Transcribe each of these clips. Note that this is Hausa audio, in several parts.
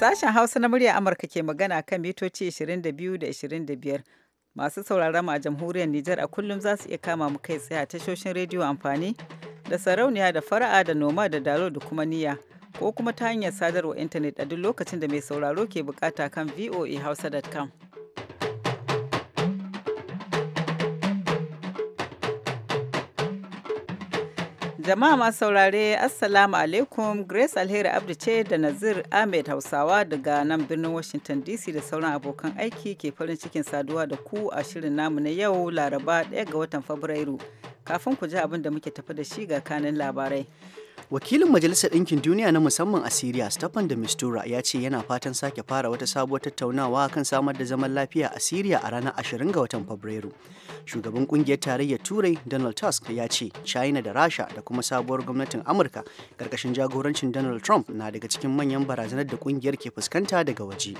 Sashen Hausa na murya Amurka ke magana kan mitoci 22 da 25. Masu sauraron mu a jamhuriyar Nijar a kullum za su iya kama mu kai tsaye a tashoshin rediyo amfani da sarauniya da fara'a da noma da dalo da kuma niyya ko kuma ta hanyar sadarwa intanet a duk lokacin da mai sauraro ke bukata kan voahausa.com. Jama'a masu saurare Assalamu alaikum Grace Alheri Abdu ce da Nazir Ahmed Hausawa daga nan birnin Washington DC da sauran abokan aiki ke farin cikin saduwa da ku a shirin namu na yau Laraba 1 ga watan Fabrairu. Kafin ku ji abin da muke tafi da shi ga kanin labarai. wakilin majalisar ɗinkin duniya na musamman a Siriya, stefan de mistura ya ce yana fatan sake fara wata sabuwar tattaunawa kan samar da zaman lafiya a siriya a ranar 20 ga watan fabrairu shugaban kungiyar tarayyar turai donald tusk ya ce china da rasha da kuma sabuwar gwamnatin amurka karkashin jagorancin donald trump na daga cikin manyan barazanar da kungiyar ke fuskanta daga waje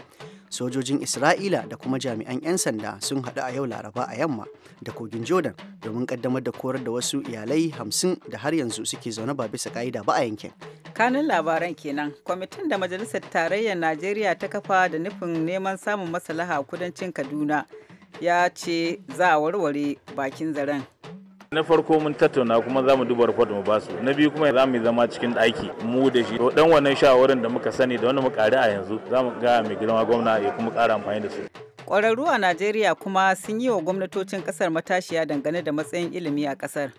sojojin isra'ila da kuma jami'an 'yan sanda sun haɗu a yau laraba a yamma da kogin jordan domin kaddamar da korar da wasu iyalai hamsin da har yanzu suke zaune ba bisa ka'ida ba a yankin kanun labaran kenan kwamitin da majalisar tarayyar najeriya ta kafa da nufin neman samun maslaha kudancin kaduna ya ce za a warware bakin zaren na farko mun tattauna kuma za mu duba report mu basu na biyu kuma za mu zama cikin ɗaki mu da shi to dan wannan shawarin da muka sani da wanda muka ƙari a yanzu za mu ga mai girma gwamna ya kuma ƙara amfani da su ƙwararru a najeriya kuma sun yi wa gwamnatocin ƙasar matashiya dangane da matsayin ilimi a ƙasar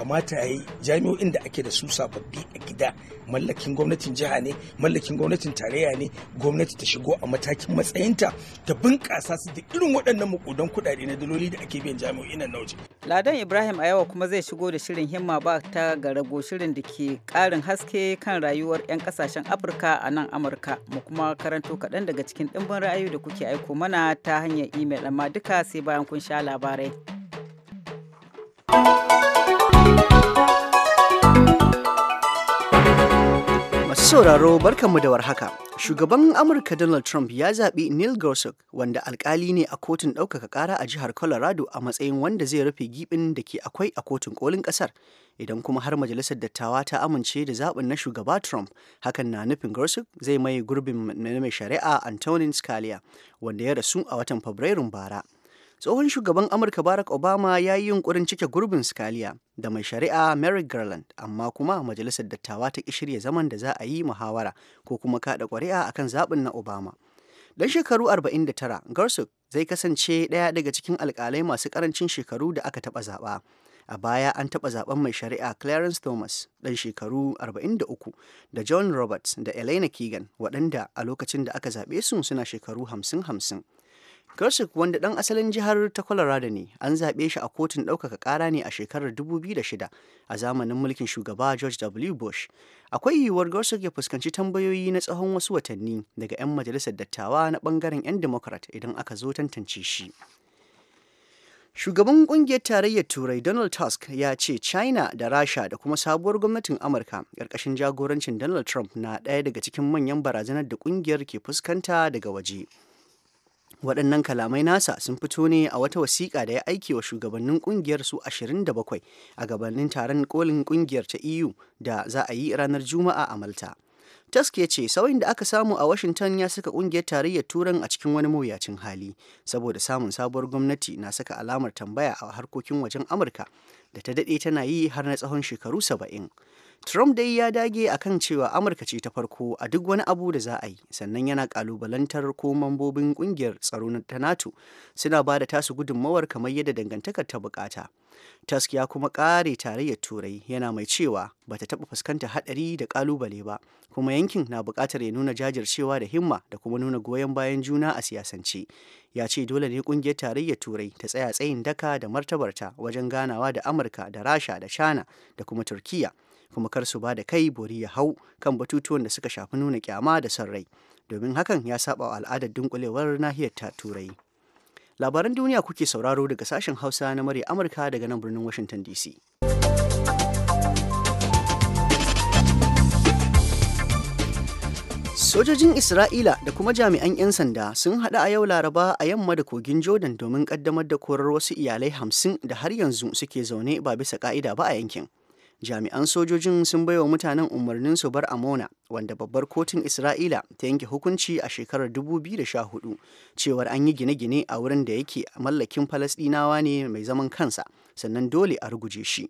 kamata a yi jami'o'in da ake da su sababbi a gida mallakin gwamnatin jiha ne mallakin gwamnatin tarayya ne gwamnati ta shigo a matakin matsayinta ta bunƙasa su da irin waɗannan makudan kuɗaɗe na daloli da ake biyan jami'o'in nan na waje. ladan ibrahim a yawa kuma zai shigo da shirin himma ba ta garago shirin da ke ƙarin haske kan rayuwar 'yan ƙasashen afirka a nan amurka mu kuma karanto kaɗan daga cikin ɗimbin ra'ayi da kuke aiko mana ta hanyar imel amma duka sai bayan kun sha labarai. thank Masu sauraro barkanmu da warhaka. Shugaban Amurka Donald Trump ya zaɓi Neil Gorsuch wanda alkali ne a kotun ɗaukaka ƙara a jihar Colorado a matsayin wanda zai rufe giɓin da ke akwai a kotun ƙolin ƙasar. Idan kuma har majalisar dattawa ta amince da zaɓin na shugaba Trump, hakan na nufin Gorsuch zai maye gurbin mai shari'a Antonin Scalia wanda ya rasu a watan Fabrairun bara. tsohon shugaban amurka barack obama ya yi yunkurin cike gurbin scalia da mai shari'a merrick garland amma kuma majalisar dattawa ta ki shirya zaman da za a yi muhawara ko kuma kaɗa ƙwari'a akan zaɓin na obama dan shekaru 49 garsuk zai kasance ɗaya daga cikin alƙalai masu ƙarancin shekaru da aka taɓa zaɓa a baya an taɓa zaɓen mai shari'a clarence thomas ɗan shekaru 43 da john roberts da elena keegan waɗanda a lokacin da aka zaɓe su suna shekaru 50-50 Kasich wanda ɗan asalin jihar ta Colorado ne an zaɓe shi a kotun ɗaukaka ƙara ne a shekarar 2006 a zamanin mulkin shugaba George W. Bush. Akwai yiwuwar Gorsuch ya fuskanci tambayoyi na tsawon wasu watanni daga 'yan majalisar dattawa na ɓangaren 'yan Democrat idan aka zo tantance shi. Shugaban ƙungiyar tarayyar Turai Donald Tusk ya ce China da Rasha da kuma sabuwar gwamnatin Amurka ƙarƙashin jagorancin Donald Trump na ɗaya daga cikin manyan barazanar da ƙungiyar ke fuskanta daga waje. waɗannan kalamai nasa sun fito ne a wata wasiƙa da ya aike wa shugabannin ƙungiyar su 27 a gabanin taron kolin ƙungiyar ta eu da za a yi ranar juma'a a malta Tusk ya ce sauyin da aka samu a Washington ya saka kungiyar tarayyar Turan a cikin wani mawuyacin hali saboda samun sabuwar gwamnati na saka alamar tambaya a harkokin wajen Amurka da ta daɗe tana yi har na tsawon shekaru saba'in. Trump dai ya dage a kan cewa Amurka ce ta farko a duk wani abu da za a yi, sannan yana kalubalantar ko mambobin kungiyar tsaro ta NATO suna ba da tasu gudunmawar kamar yadda dangantakar ta bukata. Tusk ya kuma kare tarayyar Turai yana mai cewa ba ta taɓa fuskanta haɗari da kalubale ba, kuma yankin na bukatar ya nuna jajircewa da himma da kuma nuna goyon bayan juna a siyasance. Ya ce dole ne kungiyar tarayyar Turai ta tsaya tsayin daka da martabarta wajen ganawa da Amurka da Rasha da China da kuma Turkiyya. kuma kar su ba da kai bori ya hau kan batutuwan da suka shafi nuna kyama da son rai domin hakan ya saba wa al'adar dunkulewar nahiyar ta turai labaran duniya kuke sauraro daga sashen hausa na murya amurka daga nan birnin washington dc Sojojin Isra'ila da kuma jami'an 'yan sanda sun haɗu a yau Laraba a yamma da kogin Jordan domin ƙaddamar da korar wasu iyalai hamsin da har yanzu suke zaune ba bisa ƙa'ida ba a yankin. jami'an sojojin sun baiwa mutanen umarnin su bar amona wanda babbar kotun isra'ila ta yanke hukunci a shekarar 2014 cewar an yi gine-gine a wurin da yake mallakin falasdinawa ne mai zaman kansa sannan dole a ruguje shi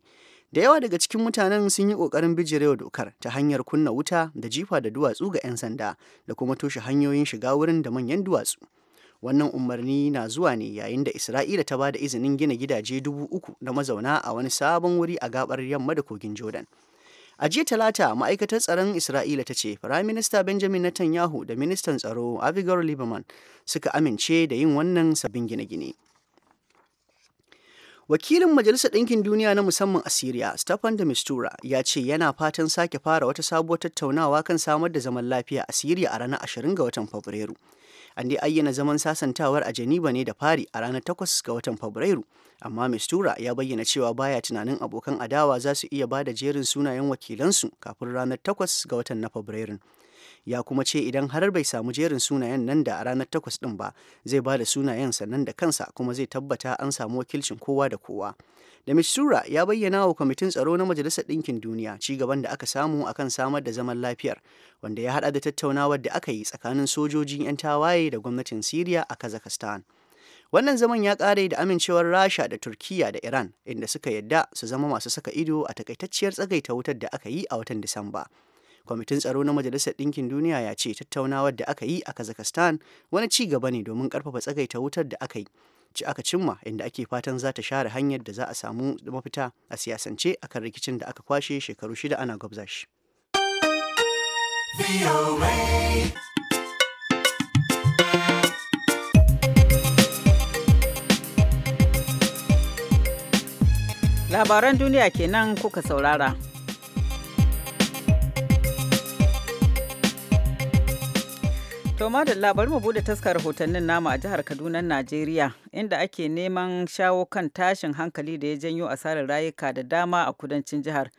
da yawa daga cikin mutanen sun yi kokarin bijirewa dokar ta hanyar kunna wuta da jifa da duwatsu ga 'yan sanda da kuma toshe hanyoyin shiga wurin da manyan duwatsu wannan umarni na zuwa ne yayin da isra'ila ta ba da izinin gina gidaje dubu uku na mazauna a wani sabon wuri a gabar yamma da kogin jordan a jiya talata ma'aikatar tsaron isra'ila ta ce firayim minista benjamin netanyahu da ministan tsaro avigor lieberman suka amince da yin wannan sabbin gine-gine wakilin majalisar ɗinkin duniya na musamman a syria stefan de mistura ya ce yana fatan sake fara wata sabuwar tattaunawa kan samar da zaman lafiya a syria a ranar 20 ga watan fabrairu an dai ayyana zaman sasantawar a Geneva ne da fari a ranar 8 ga watan Fabrairu, amma Mistura ya bayyana cewa baya tunanin abokan adawa za su iya ba da jerin sunayen wakilansu kafin ranar 8 ga watan na Fabrairun. ya kuma ce idan har bai samu jerin sunayen nan da a ranar takwas ɗin ba zai bada da sunayen sannan da kansa kuma zai tabbata an samu wakilcin kowa da kowa da Mitsura ya bayyana wa kwamitin tsaro na Majalisar Ɗinkin Duniya ci gaban da aka samu akan samar da zaman lafiyar wanda ya haɗa da tattaunawar da aka yi tsakanin sojojin 'yan tawaye da gwamnatin Siriya a Kazakhstan. Wannan zaman ya ƙare da amincewar Rasha da turkiya da Iran inda suka yadda su zama masu saka ido a takaitacciyar tsagaita wutar da aka yi a watan Disamba. kwamitin tsaro na majalisar ɗinkin duniya ya ce tattaunawar da aka yi a kazakhstan wani ci gaba ne domin karfafa tsagaita wutar da aka yi ci aka cimma inda ake fatan za ta share hanyar da za a samu mafita a siyasance akan rikicin da aka kwashe shekaru shida ana gwabza shi. Labaran duniya kenan kuka saurara. To da bari mu bude taskar rahotannin namu a jihar Kaduna, Najeriya, inda ake neman shawo kan tashin hankali da ya janyo asarar rayuka da dama a kudancin jihar.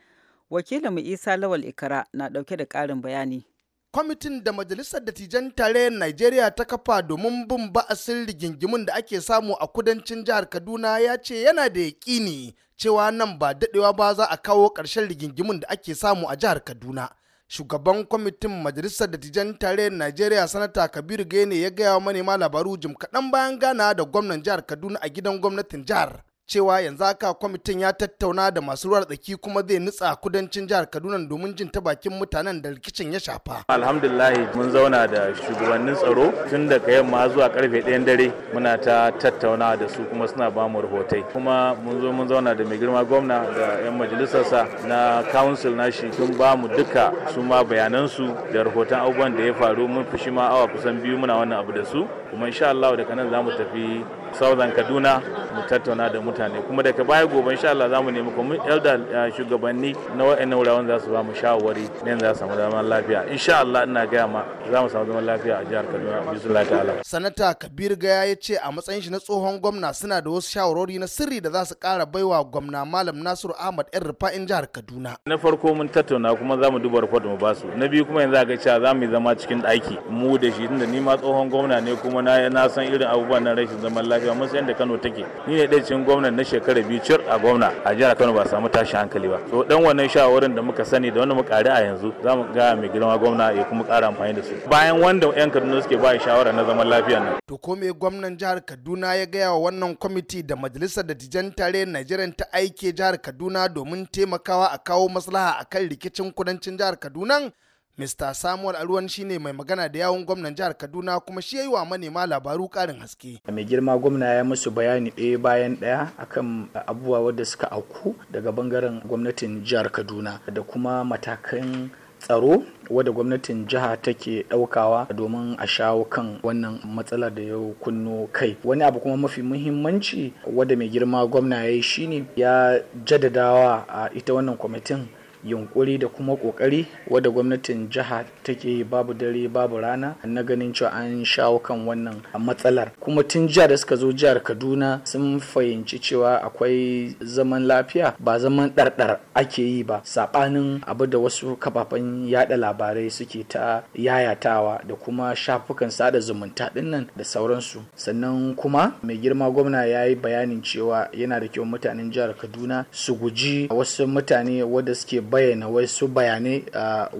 Wakilinmu Isa Lawal Ikara na dauke da karin bayani. kwamitin da majalisar dattijan tarayyar Najeriya ta kafa domin bin ba'asin rigingimun da ake samu a kudancin jihar Kaduna ya ce yana da yaƙini cewa nan ba daɗewa ba za a kawo ƙarshen rigingimun da ake samu a jihar Kaduna. shugaban kwamitin majalisar dattijan tarayyar najeriya sanata kabiru gene ya gaya wa manema labaru jim kaɗan bayan gana da gwamnan jihar kaduna a gidan gwamnatin jihar cewa yanzu haka kwamitin ya tattauna da masu ruwa tsaki kuma zai nutsa kudancin jihar kaduna domin jin ta bakin mutanen da rikicin ya shafa alhamdulillah mun zauna da shugabannin tsaro tun daga yamma zuwa karfe 1 dare muna ta tattauna da su kuma suna ba mu rahotai kuma mun zo mun zauna da mai girma gwamna da yan majalisarsa na council nashi sun ba mu duka su ma bayanansu da rahoton abubuwan da ya faru mun fi ma awa kusan biyu muna wannan abu da su kuma insha Allah daga nan za mu tafi Southern Kaduna mu tattauna da mutane kuma daga baya gobe insha Allah zamu nemi kuma elder eh, shugabanni na wa'annan wuraren za su ba mu shawari ne za su samu zaman lafiya insha Allah ina gaya ma za mu samu zaman lafiya a jihar Kaduna bismillah ta'ala sanata Kabir Gaya ya ce a matsayin shi na tsohon gwamna suna da wasu shawarori na sirri da za su kara baiwa gwamna Malam Nasiru Ahmad yan rufa'in jihar Kaduna na farko mun tattauna kuma za mu duba report mu basu na biyu kuma yanzu ga cewa za mu zama cikin ɗaki mu da shi tunda ni ma tsohon gwamna ne kuma na san irin abubuwan na rashin zaman lafiya lafiya a matsayin da Kano take ni ne ɗaya cikin gwamnan na shekara biyu cir a gwamna a jihar Kano ba samu tashin hankali ba to dan wannan shawarin da muka sani da wanda mu ƙari a yanzu za mu ga mai girma gwamna ya kuma ƙara amfani da su bayan wanda 'yan Kaduna suke ba shawara na zaman lafiya nan. To ko me gwamnan jihar Kaduna ya gaya wa wannan kwamiti da majalisar dattijan tare Najeriya ta aike jihar Kaduna domin taimakawa a kawo maslaha akan rikicin kudancin jihar Kaduna? Mr. Samuel Aruwan shine mai magana da yawun gwamnan jihar Kaduna kuma shi ya yi wa manema labaru karin haske. Mai girma gwamna ya musu bayani ɗaya bayan ɗaya akan abubuwa wadda suka auku daga bangaren gwamnatin jihar Kaduna da kuma matakan tsaro wadda gwamnatin jiha take ɗaukawa domin a shawo kan wannan matsalar da ya kunno kai wani abu kuma mafi muhimmanci wadda mai girma gwamna ya yi shine ya jaddadawa a ita wannan kwamitin yunkuri da kuma kokari wadda gwamnatin jiha take babu dare babu rana na ganin cewa an shawo kan wannan matsalar kuma tun jiya da suka zo jihar kaduna sun fahimci cewa akwai zaman lafiya ba zaman ɗarɗar ake yi ba saɓanin abu da wasu kafafen yada labarai suke ta yayatawa da kuma shafukan sada zumunta dinnan da sauransu sannan kuma mai girma gwamna ya yi bayanin cewa yana da kyau mutanen jihar kaduna su guji wasu mutane wadda suke bayyana wasu bayanai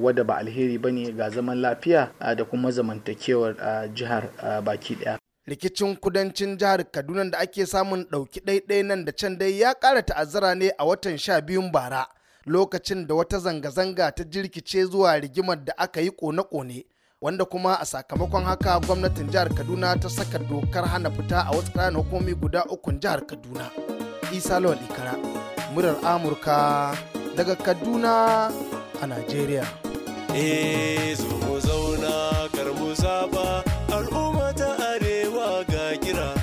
wadda ba alheri ba ne ga zaman lafiya da kuma zamantakewar jihar baki daya. rikicin kudancin jihar kaduna da ake samun ɗauki ɗaiɗai nan da can dai ya ƙara ta'azzara ne a watan sha biyun bara lokacin da wata zanga-zanga ta jirkice zuwa rigimar da aka yi kone-kone wanda kuma a sakamakon haka gwamnatin jihar kaduna ta saka dokar hana fita a wasu ƙananan hukumomi guda ukun jihar kaduna isa lawal ikara murar amurka daga Kaduna a Najeriya. Eh, zauna arewa ga kira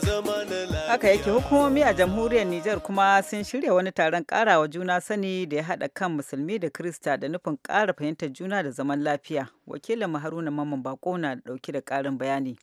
zama na Haka yake hukumomi a jamhuriyar Nijar kuma sun shirya wani taron karawa juna sani da ya haɗa kan musulmi da Krista da nufin ƙara fahimtar juna da zaman lafiya. Wakilin Haruna Mamman Bako na ɗauki da ƙarin bayani.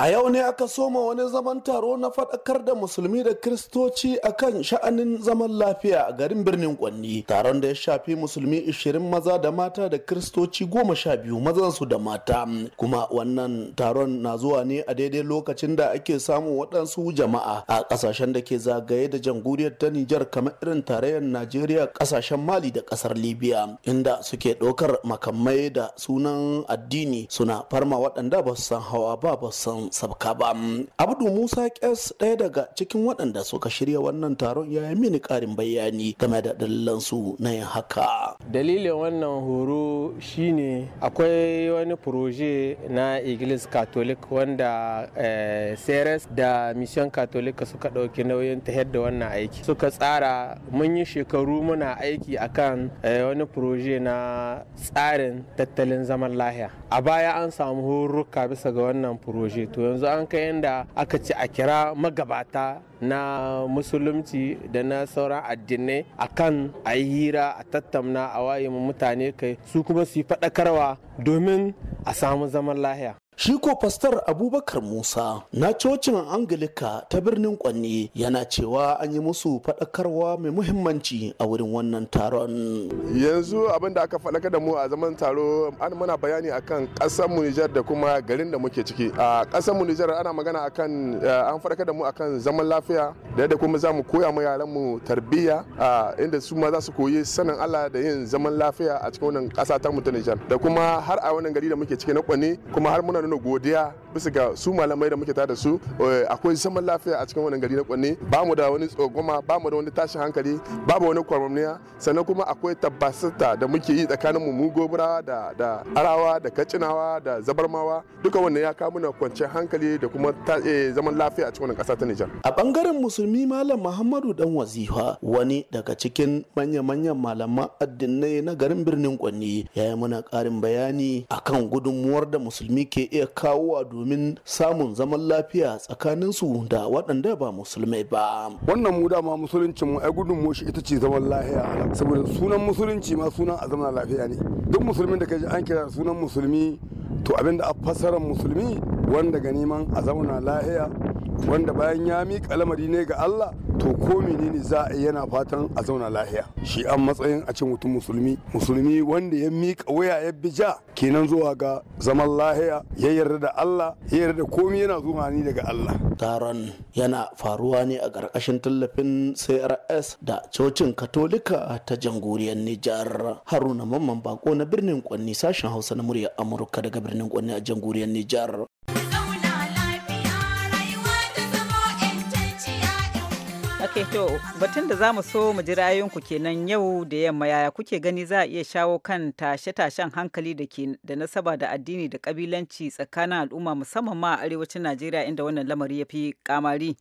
A yau ne aka soma wani zaman taro na faɗakar da musulmi da kiristoci a kan sha'anin zaman lafiya a garin birnin Kwanni. Taron da ya shafi musulmi 20 maza da mata da kiristoci 12 mazansu da mata. Kuma wannan taron na zuwa ne a daidai lokacin da ake samun waɗansu jama'a a ƙasashen da ke zagaye da jamhuriyar ta Nijar kamar irin tarayyar Najeriya ƙasashen Mali da ƙasar Libya inda suke ɗaukar makamai da sunan addini suna farma waɗanda ba su san hawa ba ba san sabka ba abdu musa kes ɗaya daga cikin waɗanda suka shirya wannan taron ya yi mini ƙarin bayani game da dalilansu na yin haka dalilin wannan horo shine akwai wani proje na iglis catholic wanda eh, ceres da mission catholic suka ɗauki nauyin ta da wannan aiki suka tsara mun yi shekaru muna aiki akan eh, wani proje na tsarin tattalin zaman lahiya a baya an samu horo bisa ga wannan proje to yanzu an kai yanda aka ce a kira magabata na musulunci da na sauran addinai a kan a yi hira a tattamna a waye mutane kai su kuma su yi faɗakarwa domin a samu zaman lahiya Shi ko fastar Abubakar Musa na cocin Angilika ta birnin Kwanne yana cewa an yi musu faɗakarwa mai muhimmanci a wurin wannan taron. Yanzu abin da aka faɗaka da mu a zaman taro an mana bayani akan ƙasar mu Nijar da kuma garin da muke ciki. A ƙasar mu ana magana akan eh, an faɗaka da mu akan zaman lafiya da yadda kuma za mu koya ma yaran mu tarbiyya inda su ma za su koyi sanin Allah da yin zaman lafiya a cikin wannan ƙasa ta mu ta Nijar da kuma har a wannan gari da muke ciki na Kwanne kuma har muna nuna godiya bisa ga su malamai da muke tare da su eh, akwai zaman lafiya a cikin wannan gari na kwanne ba mu da wani tsogoma ba mu da wani tashin hankali ba mu wani kwarmamniya sannan kuma akwai tabbasata da muke yi tsakanin mu gobura da da arawa da kacinawa da zabarmawa duka wannan ya kawo mana kwanciyar hankali da kuma eh, zaman lafiya a cikin wannan kasa ta Nijar a bangaren musulmi malam Muhammadu dan wazifa wani daga cikin manya-manyan malaman addinai na garin birnin kwanne ya yi mana ƙarin bayani akan gudunmuwar da musulmi ke iya kawo a domin samun zaman lafiya tsakaninsu da waɗanda ba musulmai ba wannan mu dama musuluncin mu ai gudun mu shi ita ce zaman lafiya saboda sunan musulunci ma sunan a zaman lafiya ne duk musulmin da ka ji an kira sunan musulmi to abinda a fasaran musulmi wanda ga neman a zauna lahiya wanda bayan ya miƙa lamari ne ga Allah to ko menene za a yana fatan a zauna lahiya shi an matsayin a cin mutum musulmi musulmi wanda ya miƙa waya ya bija kenan zuwa ga zaman lahiya ya yarda da Allah ya yarda da komai yana zuwa ni daga Allah taron yana faruwa ne a ƙarƙashin tallafin CRS da cocin katolika ta jamhuriyar Nijar Haruna Mamman Bako na birnin Kwanni sashen Hausa na muryar Amurka daga birnin Kwanni a jamhuriyar Nijar ok to batun da za mu so mu ji ra'ayinku kenan yau da yamma yaya kuke gani za a iya shawo kan tashe-tashen hankali da ke da nasaba da addini da kabilanci tsakanin al'umma musamman ma a arewacin najeriya inda wannan lamari ya fi kamari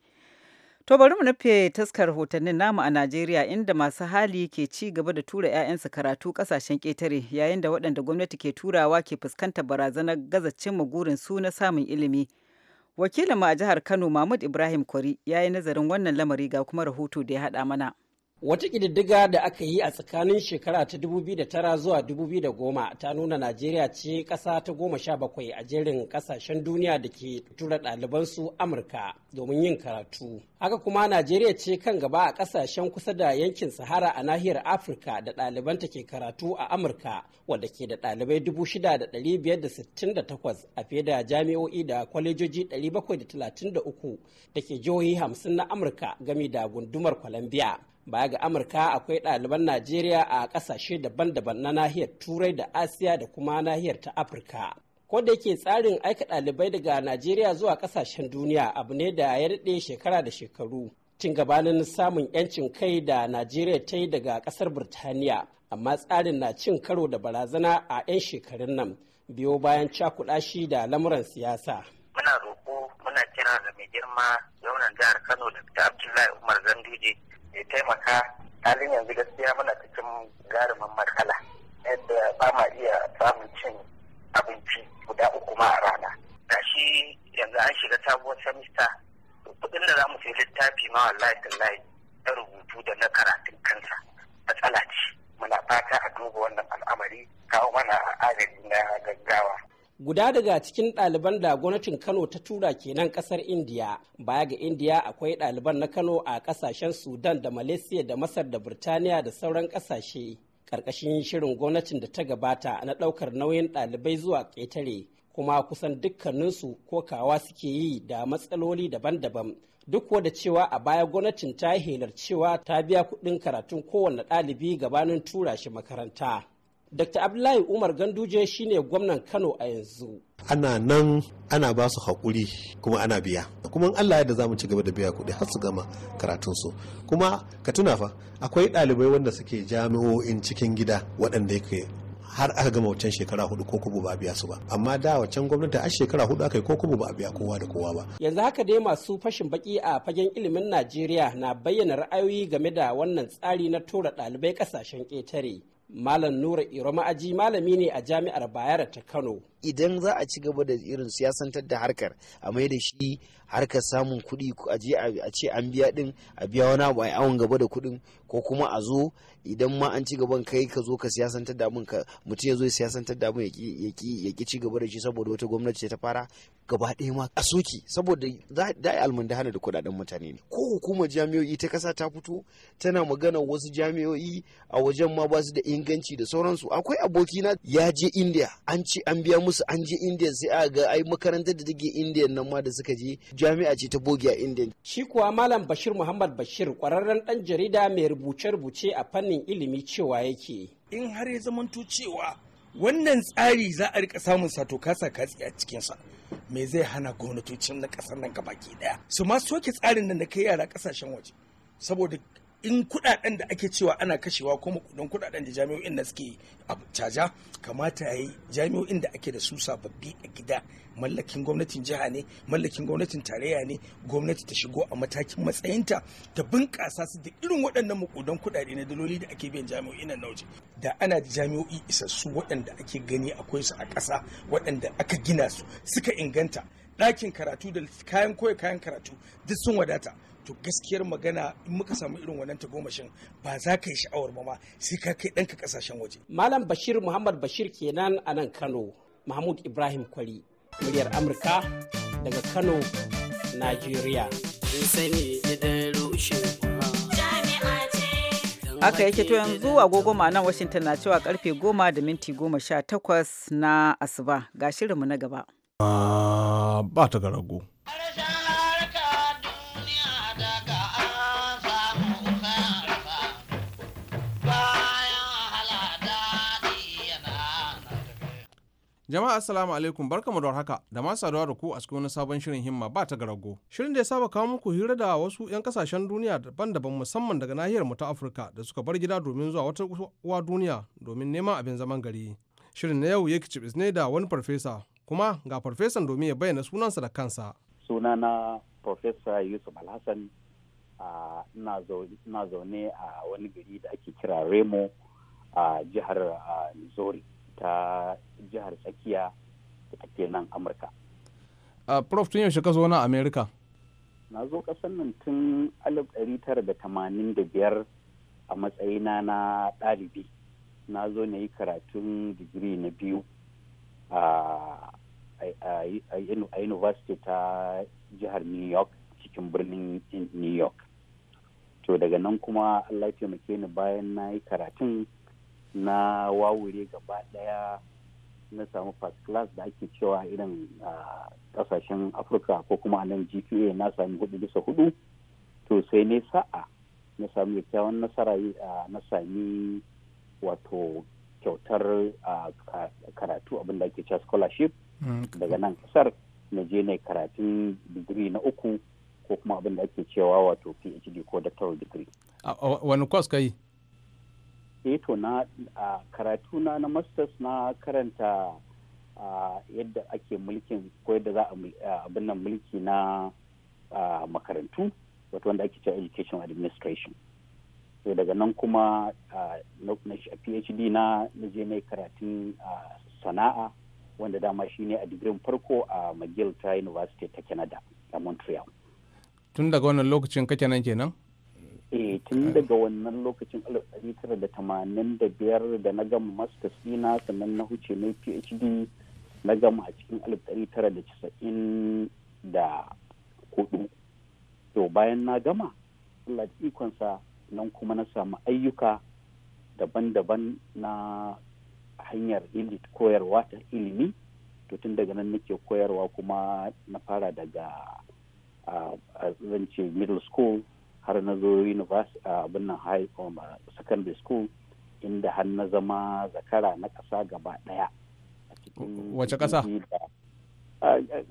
to bari mu nufe taskar hotannin namu a najeriya inda masu hali ke ci gaba da tura 'ya'yansu karatu kasashen ketare yayin da waɗanda gwamnati ke turawa ke fuskantar barazanar gaza mugurin gurin su na samun ilimi wakilinmu a jihar kano mahmud ibrahim kwari ya yi nazarin wannan lamari ga kuma rahoto da ya haɗa mana Wata ƙididdiga da aka yi a tsakanin shekara ta 2009 zuwa 2010 ta nuna Najeriya ce ƙasa ta goma sha bakwai a jerin ƙasashen duniya da ke tura ɗalibansu Amurka domin yin karatu. Haka kuma Najeriya ce kan gaba a ƙasashen kusa da yankin Sahara a nahiyar Afirka da ɗalibanta ke karatu a Amurka wanda ke da ɗalibai 6,568 a fiye da jami'o'i da kwalejoji 733 da ke jihohi hamsin na Amurka gami da gundumar Columbia. baya ga amurka akwai ɗaliban najeriya a ƙasashe daban-daban na nahiyar turai da asiya da kuma nahiyar ta afirka ko da yake tsarin aika ɗalibai daga najeriya zuwa ƙasashen duniya abu ne da ya daɗe shekara da shekaru tun gabanin samun 'yancin kai da najeriya ta yi daga ƙasar birtaniya amma tsarin na cin karo da barazana a 'yan shekarun nan biyo bayan cakuɗa shi da lamuran siyasa muna roƙo muna kira ga mai girma gwamnan jihar kano da abdullahi umar Zanduje. ya taimaka halin yanzu gaskiya muna cikin garumin matsala yadda ba ma iya samun cin abinci guda uku ma a rana shi yanzu an shiga sabuwar samista kudin da za mu fi littafi ma wallahi tallahi na rubutu da na karatun kansa matsala ce muna fata a duba wannan al'amari kawo mana agaji na gaggawa guda daga cikin ɗaliban da gwamnatin kano ta tura kenan ƙasar indiya baya ga indiya akwai ɗaliban na kano a ƙasashen sudan da malaysia da masar da birtaniya da sauran ƙasashe ƙarƙashin shirin gwamnatin da ta gabata na ɗaukar nauyin ɗalibai zuwa ƙetare kuma kusan dukkaninsu ko kawa suke yi da matsaloli daban-daban duk da cewa a baya gwamnatin ta helar cewa ta biya kuɗin karatun kowane ɗalibi gabanin tura shi makaranta Dr. Abdullahi Umar Ganduje shine gwamnan Kano a yanzu. Ana nan ana ba su haƙuri kuma ana biya. Kuma Allah yadda za mu ci gaba da biya kuɗi har su gama karatunsu. Kuma ka tuna fa akwai ɗalibai wanda suke jami'o'in cikin gida waɗanda yake har aka gama wancan shekara hudu ko kubu ba a biya su ba amma da wancan gwamnati a shekara hudu aka yi ko kubu ba a biya kowa da kowa ba yanzu haka dai masu fashin baki a fagen ilimin najeriya na bayyana ra'ayoyi game da wannan tsari na tura ɗalibai ƙasashen ƙetare Malam Nura Iro Ma'aji malami ne a jami'ar Bayero ta Kano. idan za a ci gaba da irin siyasantar da harkar a mai da shi harkar samun kuɗi a ce an biya din a biya wani abu a awon gaba da kuɗin ko kuma a zo idan ma an ci gaban kai ka zo ka siyasantar da ka mutum ya zo siyasantar da ya ki ci gaba da shi saboda wata gwamnati ta fara gaba ɗaya ma a soki saboda da almanda hana da kuɗaɗen mutane ne ko hukuma jami'o'i ta ƙasa ta fito tana magana wasu jami'o'i a wajen ma ba su da inganci da sauransu akwai abokina ya je india an ci an biya musu wasu an je indiya sai a ga ai makarantar da take indiya nan ma da suka je jami'a ce ta bogi a indiya shi kuwa malam bashir muhammad bashir kwararren dan jarida mai rubuce-rubuce a fannin ilimi cewa yake in har ya zamanto cewa wannan tsari za a rika samun sato kasa katsi a cikinsa me zai hana gwamnatocin na kasar nan gabaki daya su ma soke tsarin nan da kai yara kasashen waje saboda in kudaden da ake cewa ana kashewa kuma kudin kudaden da jami'o'in da suke caja kamata ya yi jami'o'in da ake da su sababbi a gida mallakin gwamnatin jiha ne mallakin gwamnatin tarayya ne gwamnati ta shigo a matakin matsayinta ta bunƙasa su da irin waɗannan makudan kudade na daloli da ake biyan jami'o'in na waje da ana da jami'o'i isassu waɗanda ake gani akwai su a ƙasa waɗanda aka gina su suka inganta ɗakin karatu da kayan koya kayan karatu duk sun wadata to gaskiyar magana in muka samu irin wannan tagomashin ba za ka yi sha'awar ba ma sai ka kai ɗanka ƙasashen waje. Malam Bashir Muhammad Bashir kenan a nan Kano, Mahmud Ibrahim Kwari, muryar Amurka daga Kano, Najeriya. Aka yake to yanzu agogo nan Washington na cewa karfe goma da minti goma sha takwas na asuba ga shirinmu na gaba. Ah, ba ta ga rago. Jama'a assalamu alaikum barkamu da haka da ma saduwa da ku a cikin wani sabon shirin himma ba ta garago. Shirin da ya saba kawo muku hira da wasu 'yan kasashen duniya daban-daban musamman daga nahiyar mu ta Afirka da suka bar gida domin zuwa wata uwa duniya domin neman abin zaman gari. Shirin na yau ya ki ne da wani farfesa kuma ga farfesan domin ya bayyana sunansa da kansa. Sunana Farfesa Yusuf Alhassan na zaune a wani gari da ake kira Remo a jihar Missouri. ta jihar tsakiya da ake nan amurka a prof tun yaushe ka zo na amerika. na zo kasan nan tun 1985 a matsayina na ɗalibi na zo na yi karatun digiri na biyu a university ta jihar new york cikin birnin new york to daga nan kuma allah taimake ni bayan na yi karatun na wawure gaba daya na samu first class da ake cewa irin kasashen afirka ko kuma nan gpa na sami hudu bisa hudu to sai ne sa'a na sami kyakkyawan nasara na sami wato kyautar karatu abinda ake cewa scholarship mm. daga nan kasar na je na karatun digiri na uku ko kuma abinda ake cewa wato phd ko doctoral degree wani kwas ka yi eh to na a karatu na na masters na karanta yadda ake mulkin ko yadda za a abin nan mulki na makarantu wato wanda ake cewa education administration to daga nan kuma na phd na na je mai karatun sana'a wanda dama ne a digirin farko a mcgill ta university ta canada a montreal tun daga wannan lokacin kake nan kenan eh tun eh. daga wannan lokacin alif tara da da biyar da na gama master sina sannan na huce na phd na gama a cikin alif ɗari tara da casa'in da hudu to bayan na gama allah ikonsa nan kuma na samu ayyuka daban-daban na hanyar koyarwa ta ilimi to tun daga nan nake koyarwa kuma na fara daga ah, zan ce middle school har na zo university abin nan high secondary school inda har na zama zakara na ƙasa gaba ɗaya wace ƙasa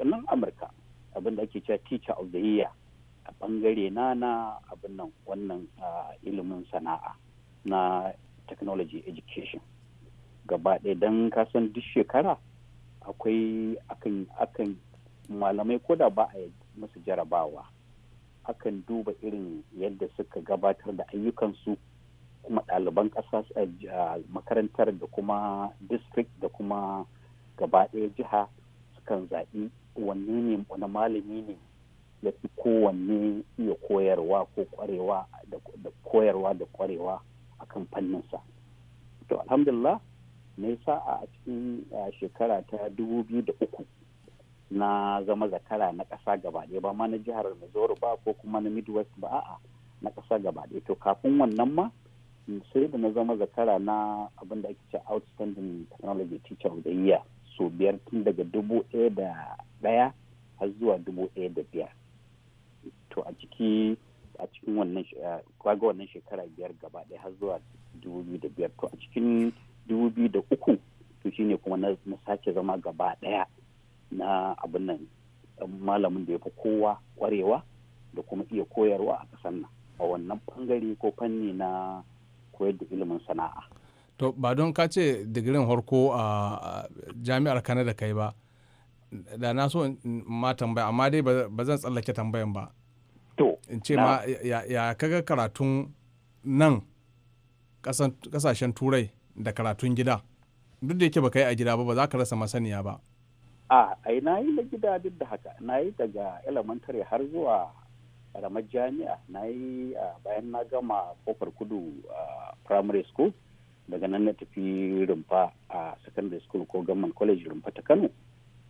nan amurka abin da ake cewa teacher of the year a ɓangare na na abin nan wannan ilimin sana'a na technology education gaba ɗaya don kasan duk shekara akwai akan malamai ko da ba a yi musu jarabawa akan duba irin yadda suka gabatar da ayyukansu kuma ɗaliban ƙasa a makarantar da kuma district da kuma gaba ɗaya jiha sukan zaɓi wanne ne wani malami ne ya fi kowanne iya koyarwa ko kwarewa da koyarwa da kwarewa a kan fanninsa to alhamdulillah na sa'a a cikin shekara ta dubu biyu da uku. na zama zakara na ƙasa gaba ɗaya ba ma na jihar Mizoro ba ko kuma na Midwest ba a'a na ƙasa gaba ɗaya to kafin wannan ma mm, sai da na zama zakara na abin da ake ce outstanding technology teacher of the year so biyar tun daga dubu ɗaya da ɗaya har zuwa dubu ɗaya da biyar to a ciki a cikin wannan eh, kwaga wannan shekara biyar gaba ɗaya har zuwa dubu biyu da biyar to a cikin dubu biyu da uku to shine kuma na sake zama gaba ɗaya na abin nan malamin da ya fi kowa kwarewa da kuma iya koyarwa a kasar nan a wannan bangare ko fanni na koyar da ilimin sana'a. To ba don ka ce digirin harko a jami'ar Kanada kai ba, da na so ma tambaya amma dai ba zan tsallake tambayan ba. To. In ce ma ya kaga karatun nan kasashen turai da karatun gida duk da yake ba yi a gida ba ba za ka rasa masaniya ba. a ai na yi na gida duk da haka na yi daga elementary har zuwa ramar jami'a na yi bayan na gama kofar kudu a primary school daga nan na tafi rumfa a secondary school ko government college rumfa ta kano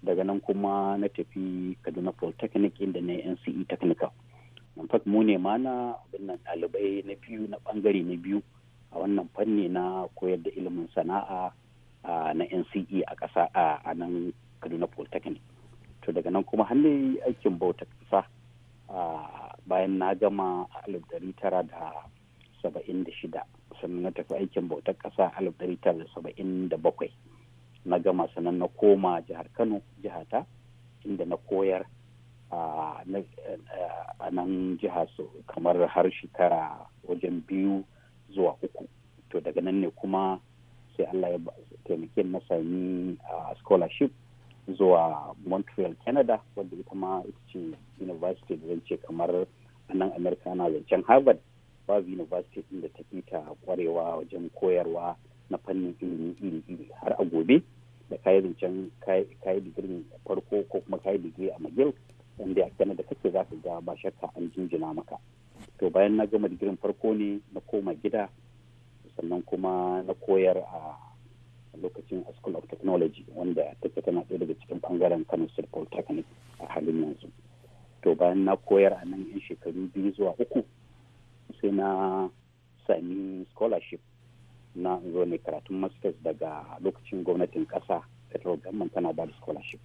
daga nan kuma na tafi kaduna polytechnic inda na nce technical in fact mu ne ma na nan ɗalibai na biyu na bangare na biyu a wannan fanni na koyar da ilimin sana'a na nce a ƙasa a nan kaduna polytechnic to daga nan kuma hannun yi aikin bauta kasa bayan na gama a alif dari tara da saba'in da shida sannan na tafi aikin bautar ƙasa alif dari tara da saba'in da bakwai na gama sannan na koma jihar kano jihata inda na koyar a nan jiha kamar har shekara wajen biyu zuwa uku to daga nan ne kuma sai allah ya taimake na sami scholarship zuwa montreal canada wadda ita ma ita ce university da zance kamar a nan america na zancen harvard babu university din da ta ta kwarewa wajen koyarwa na fannin ilimi iri har a gobe da kayi zancen kayi digirin farko ko kuma kayi digiri a magil wanda a canada kake za ka ga ba shakka an jinjina maka to bayan na gama digirin farko ne na koma gida sannan kuma na koyar a lokacin a school of technology wanda ce tana ɗaya daga cikin bangaren kano state polytechnic a halin yanzu to bayan na koyar a nan yan shekaru biyu zuwa uku sai na sami scholarship na zo ne karatun masters daga lokacin gwamnatin ƙasa federal government tana ba da scholarship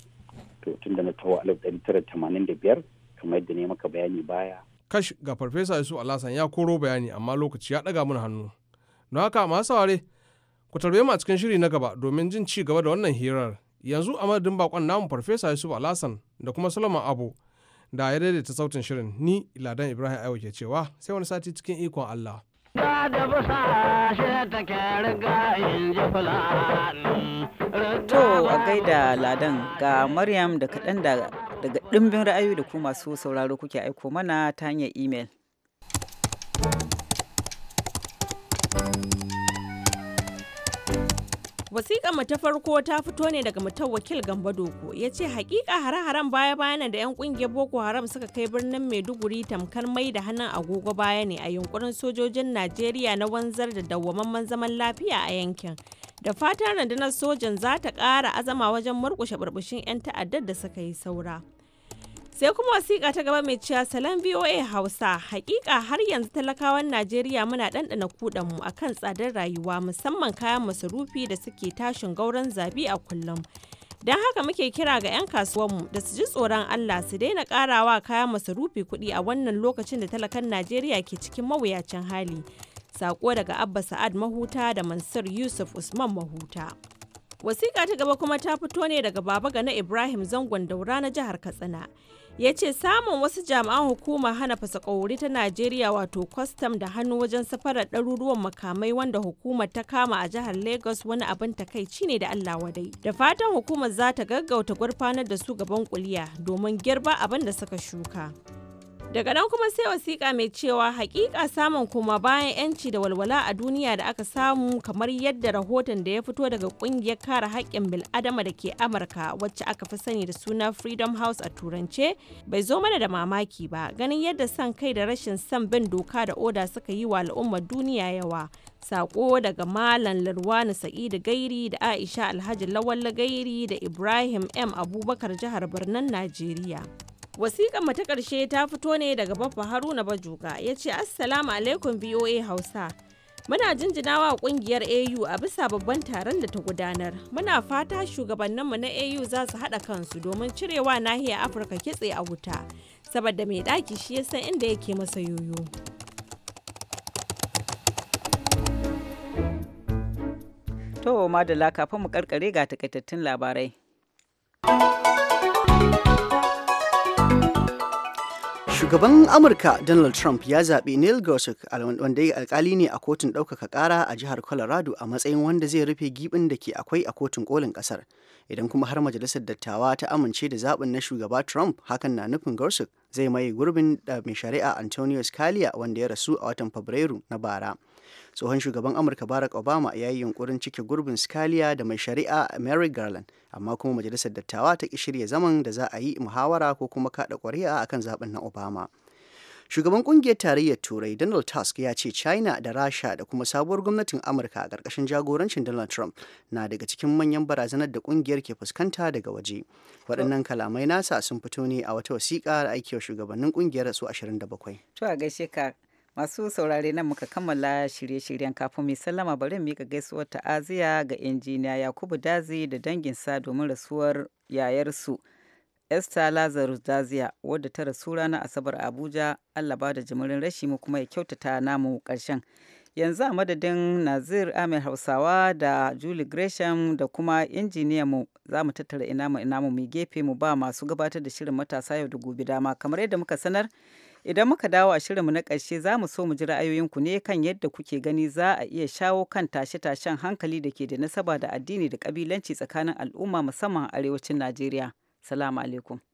to tun da na tawo alif ɗari tara tamanin da biyar kamar yadda ne maka bayani baya kash ga farfesa yusuf alasan ya koro bayani amma lokaci ya ɗaga mun hannu don haka masu saurare Ku tarbe mu a cikin shiri na gaba domin jin ci gaba da wannan hirar. Yanzu a madadin bakon namu Farfesa Yusuf Alhassan da kuma Solomon Abu da ya daidaita sautin shirin ni Ladan Ibrahim Aiwo ke cewa sai wani sati cikin ikon Allah. To a gaida Ladan ga Maryam da kaɗan daga ɗimbin ra'ayoyi da ku masu sauraro kuke aiko mana ta hanyar imel. Wasiƙar mu ta farko ta fito ne daga mutum wakil Gamba Doko ya ce hakika hare-haren baya-bayan da 'yan ƙungiyar Boko Haram suka kai birnin Maiduguri tamkar mai da hannun agogo baya ne a yunkurin sojojin Najeriya na wanzar da dawwamamman zaman lafiya a yankin. Da fatan rundunar sojan za ta ƙara azama wajen murƙushe burbushin 'yan ta'addar da suka yi saura. sai kuma wasiƙa ta gaba mai cewa salon voa hausa hakika har yanzu talakawan najeriya muna ɗanɗana kuɗan mu akan tsadar rayuwa musamman kayan masarufi da suke tashin gauran zabi a kullum don haka muke kira ga 'yan kasuwanmu da su ji tsoron allah su daina ƙarawa kayan masarufi kuɗi a wannan lokacin da talakan najeriya ke cikin mawuyacin hali sako daga abba sa'ad mahuta da mansur yusuf usman mahuta Wasiƙa ta gaba kuma ta fito ne daga Baba na Ibrahim Zangon Daura na jihar Katsina. Ya ce samun wasu jami'an hukuma hana fasakauri ta Najeriya wato kwastam da hannu wajen safarar ɗaruruwan makamai wanda hukumar ta kama a jihar Lagos wani abin takaici ne da Allah wadai. Da fatan hukumar za ta gaggauta gurfanar da su gaban kuliya domin girba abin da suka shuka. daga nan kuma sai wasiƙa mai cewa haƙiƙa samun kuma bayan 'yanci da walwala a duniya da aka samu kamar yadda rahoton da ya fito daga ƙungiyar kare haƙƙin bil'adama da ke amurka wacce aka fi sani da suna freedom house a turance bai zo mana da mamaki ba ganin yadda son kai da rashin son bin doka da oda suka yi wa al'ummar duniya yawa sako daga malam lirwani sa'idu gairi da aisha alhaji lawal gairi da ibrahim m abubakar jihar birnin najeriya Wasiƙar mu ta ƙarshe ta fito ne daga Baffa Haruna Bajuga ya ce Assalamu alaikum VOA Hausa. Muna jinjinawa ƙungiyar AU a bisa babban taron da ta gudanar. Muna fata shugabanninmu na AU za su haɗa kansu domin cirewa nahiyar Afirka kitse a wuta, saboda mai ɗaki shi ya san inda yake masa yoyo. To, Madala, kafin mu karkare ga takaitattun labarai. Shugaban Amurka Donald Trump ya zaɓi Neil Gorsuch wanda ya alkali ne a kotun ɗaukaka ƙara a jihar Colorado a matsayin wanda zai rufe gibin da ke akwai a kotun ƙolin ƙasar. Idan kuma har majalisar dattawa ta amince da zaɓin na shugaba Trump hakan na nufin Gorsuch zai maye gurbin da eh, mai shari'a Antonio Scalia wanda ya rasu a watan Fabrairu na bara. tsohon shugaban amurka barack obama ya yi yunkurin cike gurbin scalia da mai shari'a mary garland amma kuma majalisar dattawa ta ki shirya zaman da za a yi muhawara ko kuma kaɗa a akan zaben na obama shugaban kungiyar tarayyar turai donald tusk ya ce china da rasha da kuma sabuwar gwamnatin amurka a ƙarƙashin jagorancin donald trump na daga cikin manyan barazanar da kungiyar ke fuskanta daga waje waɗannan kalamai nasa sun fito ne a wata wasiƙa da aikewa shugabannin kungiyar su 27 masu saurare nan muka kammala shirye-shiryen kafin mai sallama bari mu ga gaisuwar ta'aziya ga injiniya yakubu dazi da danginsa domin rasuwar yayarsu esther lazarus daziya wadda ta rasu ranar asabar abuja allah ba da jimirin rashi mu kuma ya kyautata namu karshen yanzu a madadin nazir amir hausawa da julie gresham da kuma injiniya mu za mu tattara ina mu ina mu mai gefe mu ba masu gabatar da shirin matasa yau da gobe dama kamar yadda muka sanar Idan muka dawo a shirinmu na ƙarshe za mu so mu ji ra'ayoyinku ne kan yadda kuke gani za a iya shawo kan tashe-tashen hankali da ke da nasaba da addini da ƙabilanci tsakanin al'umma musamman a arewacin Najeriya. Salamu alaikum.